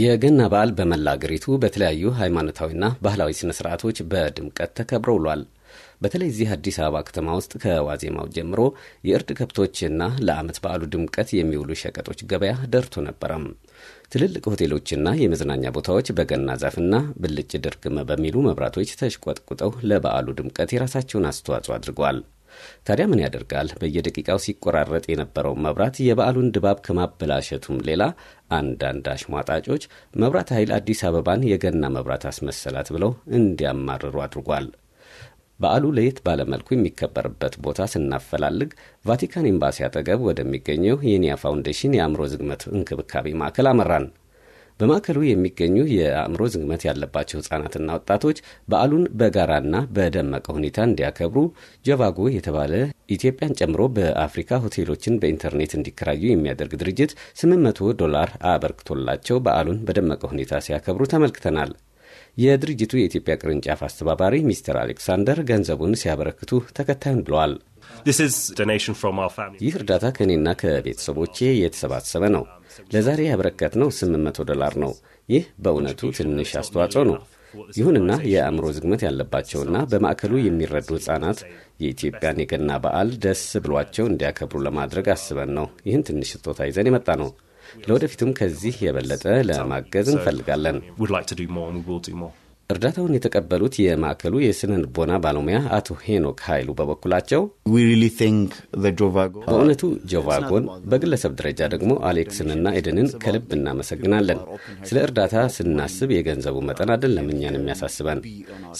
የገና በዓል በመላ አገሪቱ በተለያዩ ሃይማኖታዊና ባህላዊ ስነ ስርዓቶች በድምቀት ተከብሮ ውሏል። በተለይ እዚህ አዲስ አበባ ከተማ ውስጥ ከዋዜማው ጀምሮ የእርድ ከብቶችና ለዓመት በዓሉ ድምቀት የሚውሉ ሸቀጦች ገበያ ደርቶ ነበረም። ትልልቅ ሆቴሎችና የመዝናኛ ቦታዎች በገና ዛፍና ብልጭ ድርግመ በሚሉ መብራቶች ተሽቆጥቁጠው ለበዓሉ ድምቀት የራሳቸውን አስተዋጽኦ አድርገዋል። ታዲያ ምን ያደርጋል፣ በየደቂቃው ሲቆራረጥ የነበረው መብራት የበዓሉን ድባብ ከማበላሸቱም ሌላ አንዳንድ አሽሟጣጮች መብራት ኃይል አዲስ አበባን የገና መብራት አስመሰላት ብለው እንዲያማርሩ አድርጓል። በዓሉ ለየት ባለመልኩ የሚከበርበት ቦታ ስናፈላልግ ቫቲካን ኤምባሲ አጠገብ ወደሚገኘው የኒያ ፋውንዴሽን የአእምሮ ዝግመት እንክብካቤ ማዕከል አመራን። በማዕከሉ የሚገኙ የአእምሮ ዝግመት ያለባቸው ህጻናትና ወጣቶች በዓሉን በጋራና በደመቀ ሁኔታ እንዲያከብሩ ጀቫጎ የተባለ ኢትዮጵያን ጨምሮ በአፍሪካ ሆቴሎችን በኢንተርኔት እንዲከራዩ የሚያደርግ ድርጅት 800 ዶላር አበርክቶላቸው በዓሉን በደመቀ ሁኔታ ሲያከብሩ ተመልክተናል። የድርጅቱ የኢትዮጵያ ቅርንጫፍ አስተባባሪ ሚስተር አሌክሳንደር ገንዘቡን ሲያበረክቱ ተከታዩን ብለዋል። ይህ እርዳታ ከእኔና ከቤተሰቦቼ የተሰባሰበ ነው። ለዛሬ ያበረከትነው 800 ዶላር ነው። ይህ በእውነቱ ትንሽ አስተዋጽኦ ነው። ይሁንና የአእምሮ ዝግመት ያለባቸውና በማዕከሉ የሚረዱ ሕጻናት የኢትዮጵያን የገና በዓል ደስ ብሏቸው እንዲያከብሩ ለማድረግ አስበን ነው ይህን ትንሽ ስጦታ ይዘን የመጣ ነው። ለወደፊቱም ከዚህ የበለጠ ለማገዝ እንፈልጋለን። እርዳታውን የተቀበሉት የማዕከሉ የስነ ልቦና ባለሙያ አቶ ሄኖክ ኃይሉ በበኩላቸው በእውነቱ ጆቫጎን በግለሰብ ደረጃ ደግሞ አሌክስንና ኤደንን ከልብ እናመሰግናለን። ስለ እርዳታ ስናስብ የገንዘቡ መጠን አይደለም እኛን የሚያሳስበን፣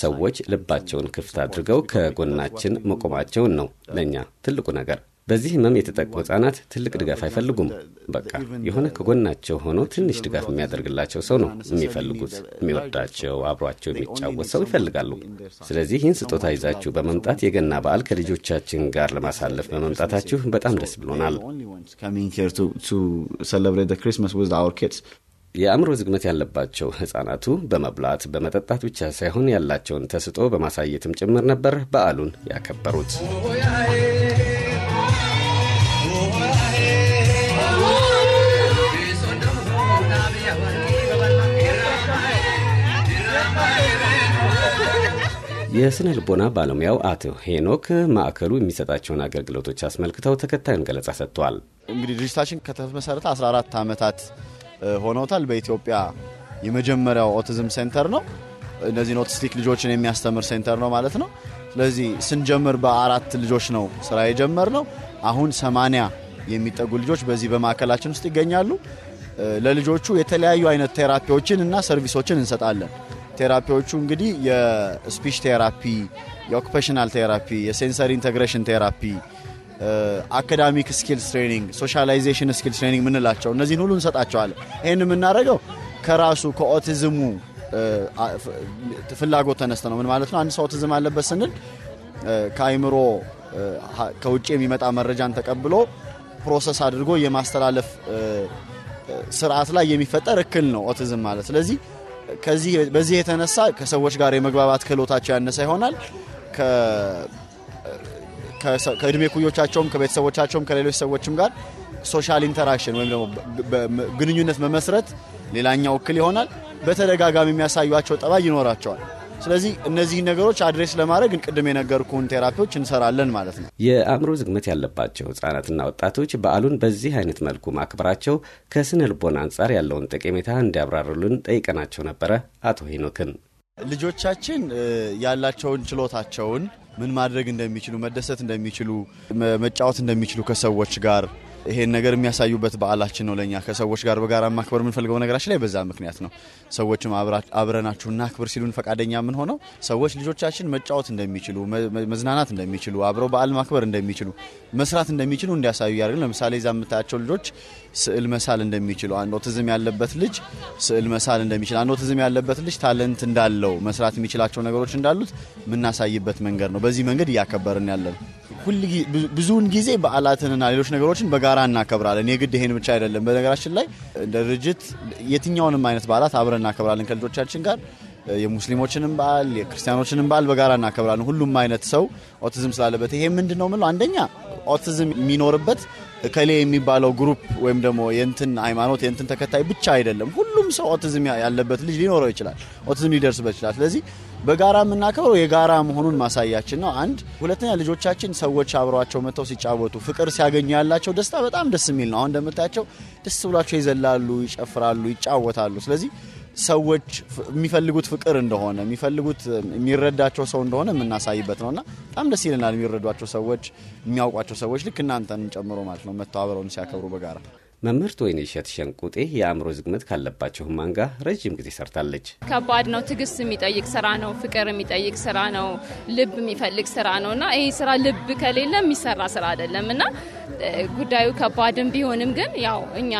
ሰዎች ልባቸውን ክፍት አድርገው ከጎናችን መቆማቸውን ነው ለእኛ ትልቁ ነገር። በዚህ ህመም የተጠቁ ህጻናት ትልቅ ድጋፍ አይፈልጉም። በቃ የሆነ ከጎናቸው ሆኖ ትንሽ ድጋፍ የሚያደርግላቸው ሰው ነው የሚፈልጉት። የሚወዳቸው፣ አብሯቸው የሚጫወት ሰው ይፈልጋሉ። ስለዚህ ይህን ስጦታ ይዛችሁ በመምጣት የገና በዓል ከልጆቻችን ጋር ለማሳለፍ በመምጣታችሁ በጣም ደስ ብሎናል። የአእምሮ ዝግመት ያለባቸው ህጻናቱ በመብላት በመጠጣት ብቻ ሳይሆን ያላቸውን ተስጦ በማሳየትም ጭምር ነበር በዓሉን ያከበሩት። የስነ ልቦና ባለሙያው አቶ ሄኖክ ማዕከሉ የሚሰጣቸውን አገልግሎቶች አስመልክተው ተከታዩን ገለጻ ሰጥተዋል። እንግዲህ ድርጅታችን ከተመሰረተ 14 ዓመታት ሆነውታል። በኢትዮጵያ የመጀመሪያው ኦቲዝም ሴንተር ነው። እነዚህን ኦቲስቲክ ልጆችን የሚያስተምር ሴንተር ነው ማለት ነው። ስለዚህ ስንጀምር በአራት ልጆች ነው ስራ የጀመር ነው። አሁን ሰማንያ የሚጠጉ ልጆች በዚህ በማዕከላችን ውስጥ ይገኛሉ። ለልጆቹ የተለያዩ አይነት ቴራፒዎችን እና ሰርቪሶችን እንሰጣለን። ቴራፒዎቹ እንግዲህ የስፒች ቴራፒ፣ የኦኩፔሽናል ቴራፒ፣ የሴንሰሪ ኢንተግሬሽን ቴራፒ፣ አካዳሚክ ስኪልስ ትሬኒንግ፣ ሶሻላይዜሽን ስኪልስ ትሬኒንግ ምንላቸው እነዚህን ሁሉ እንሰጣቸዋለን። ይህን የምናደርገው ከራሱ ከኦቲዝሙ ፍላጎት ተነስተ ነው። ምን ማለት ነው? አንድ ሰው ኦቲዝም አለበት ስንል ከአይምሮ ከውጭ የሚመጣ መረጃን ተቀብሎ ፕሮሰስ አድርጎ የማስተላለፍ ስርዓት ላይ የሚፈጠር እክል ነው ኦቲዝም ማለት። ስለዚህ ከዚህ በዚህ የተነሳ ከሰዎች ጋር የመግባባት ክህሎታቸው ያነሰ ይሆናል። ከእድሜ ኩዮቻቸውም ከቤተሰቦቻቸውም ከሌሎች ሰዎችም ጋር ሶሻል ኢንተራክሽን ወይም ደግሞ ግንኙነት መመስረት ሌላኛው እክል ይሆናል። በተደጋጋሚ የሚያሳዩቸው ጠባይ ይኖራቸዋል። ስለዚህ እነዚህ ነገሮች አድሬስ ለማድረግ ቅድም የነገርኩን ቴራፒዎች እንሰራለን ማለት ነው። የአእምሮ ዝግመት ያለባቸው ህጻናትና ወጣቶች በዓሉን በዚህ አይነት መልኩ ማክበራቸው ከስነ ልቦና አንጻር ያለውን ጠቀሜታ እንዲያብራሩልን ጠይቀናቸው ነበረ አቶ ሄኖክን። ልጆቻችን ያላቸውን ችሎታቸውን ምን ማድረግ እንደሚችሉ፣ መደሰት እንደሚችሉ፣ መጫወት እንደሚችሉ ከሰዎች ጋር ይሄን ነገር የሚያሳዩበት በዓላችን ነው። ለእኛ ከሰዎች ጋር በጋራ ማክበር የምንፈልገው ነገራችን ላይ በዛ ምክንያት ነው። ሰዎችም አብረናችሁ እናክብር ሲሉን ፈቃደኛ ሆነው ሰዎች ልጆቻችን መጫወት እንደሚችሉ፣ መዝናናት እንደሚችሉ፣ አብረው በዓል ማክበር እንደሚችሉ፣ መስራት እንደሚችሉ እንዲያሳዩ ያደርግን። ለምሳሌ ዛ የምታያቸው ልጆች ስዕል መሳል እንደሚችሉ፣ አንድ ኦቲዝም ያለበት ልጅ ስዕል መሳል እንደሚችል፣ አንድ ኦቲዝም ያለበት ልጅ ታለንት እንዳለው መስራት የሚችላቸው ነገሮች እንዳሉት የምናሳይበት መንገድ ነው። በዚህ መንገድ እያከበርን ያለን ብዙውን ጊዜ በዓላትንና ሌሎች ነገሮችን በጋራ እናከብራለን። የግድ ይሄን ብቻ አይደለም። በነገራችን ላይ እንደ ድርጅት የትኛውንም አይነት በዓላት አብረን እናከብራለን ከልጆቻችን ጋር የሙስሊሞችንም በዓል የክርስቲያኖችንም በዓል በጋራ እናከብራለን። ሁሉም አይነት ሰው ኦቲዝም ስላለበት ይሄ ምንድን ነው ምለው አንደኛ ኦቲዝም የሚኖርበት እከሌ የሚባለው ግሩፕ ወይም ደግሞ የእንትን ሃይማኖት የእንትን ተከታይ ብቻ አይደለም። ሁሉም ሰው ኦቲዝም ያለበት ልጅ ሊኖረው ይችላል፣ ኦቲዝም ሊደርስበት ይችላል። ስለዚህ በጋራ የምናከብረው የጋራ መሆኑን ማሳያችን ነው። አንድ ሁለተኛ ልጆቻችን ሰዎች አብረዋቸው መጥተው ሲጫወቱ ፍቅር ሲያገኙ ያላቸው ደስታ በጣም ደስ የሚል ነው። አሁን እንደምታያቸው ደስ ብሏቸው ይዘላሉ፣ ይጨፍራሉ፣ ይጫወታሉ። ስለዚህ ሰዎች የሚፈልጉት ፍቅር እንደሆነ የሚፈልጉት የሚረዳቸው ሰው እንደሆነ የምናሳይበት እና በጣም ደስ ይለናል። የሚረዷቸው ሰዎች፣ የሚያውቋቸው ሰዎች ልክ እናንተን ጨምሮ ማለት ነው መተባበረውን ሲያከብሩ በጋራ መምህርት ወይንሸት ሸንቁጤ የአእምሮ ዝግመት ካለባቸው ህሙማን ጋር ረዥም ጊዜ ሰርታለች። ከባድ ነው። ትግስት የሚጠይቅ ስራ ነው። ፍቅር የሚጠይቅ ስራ ነው። ልብ የሚፈልግ ስራ ነው እና ይህ ስራ ልብ ከሌለ የሚሰራ ስራ አይደለም እና ጉዳዩ ከባድም ቢሆንም ግን ያው እኛ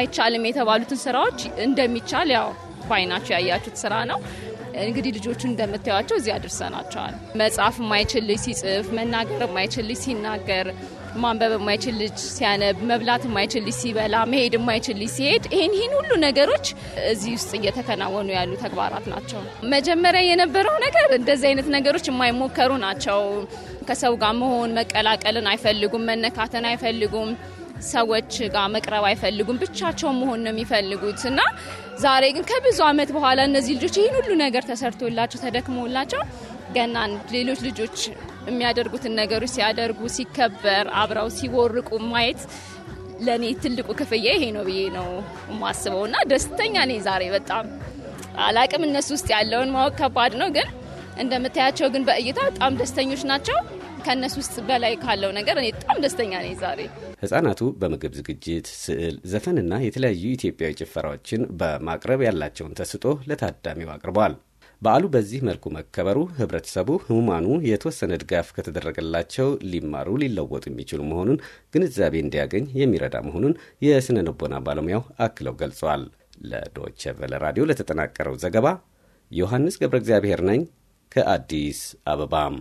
አይቻልም የተባሉትን ስራዎች እንደሚቻል ያው ባይናቸው ያያችሁት ስራ ነው። እንግዲህ ልጆቹ እንደምታዩቸው እዚህ አድርሰናቸዋል። መጻፍ ማይችል ልጅ ሲጽፍ፣ መናገር ማይችል ልጅ ሲናገር ማንበብ የማይችል ልጅ ሲያነብ፣ መብላት የማይችል ልጅ ሲበላ፣ መሄድ የማይችል ልጅ ሲሄድ፣ ይህን ይህን ሁሉ ነገሮች እዚህ ውስጥ እየተከናወኑ ያሉ ተግባራት ናቸው። መጀመሪያ የነበረው ነገር እንደዚህ አይነት ነገሮች የማይሞከሩ ናቸው። ከሰው ጋር መሆን መቀላቀልን አይፈልጉም። መነካተን አይፈልጉም። ሰዎች ጋር መቅረብ አይፈልጉም። ብቻቸው መሆን ነው የሚፈልጉት እና ዛሬ ግን ከብዙ ዓመት በኋላ እነዚህ ልጆች ይህን ሁሉ ነገር ተሰርቶላቸው ተደክሞላቸው ገናን ሌሎች ልጆች የሚያደርጉትን ነገሮች ሲያደርጉ፣ ሲከበር፣ አብረው ሲቦርቁ ማየት ለእኔ ትልቁ ክፍያ ይሄ ነው ብዬ ነው የማስበው እና ደስተኛ ነኝ ዛሬ በጣም አላቅም። እነሱ ውስጥ ያለውን ማወቅ ከባድ ነው፣ ግን እንደምታያቸው ግን በእይታ በጣም ደስተኞች ናቸው። ከእነሱ ውስጥ በላይ ካለው ነገር እኔ በጣም ደስተኛ ነኝ ዛሬ። ህጻናቱ በምግብ ዝግጅት፣ ስዕል፣ ዘፈንና የተለያዩ ኢትዮጵያዊ ጭፈራዎችን በማቅረብ ያላቸውን ተስጦ ለታዳሚው አቅርበዋል። በዓሉ በዚህ መልኩ መከበሩ ህብረተሰቡ ህሙማኑ የተወሰነ ድጋፍ ከተደረገላቸው ሊማሩ ሊለወጡ የሚችሉ መሆኑን ግንዛቤ እንዲያገኝ የሚረዳ መሆኑን የስነ ልቦና ባለሙያው አክለው ገልጸዋል። ለዶቼ ራዲዮ ለተጠናቀረው ዘገባ ዮሐንስ ገብረ እግዚአብሔር ነኝ ከአዲስ አበባም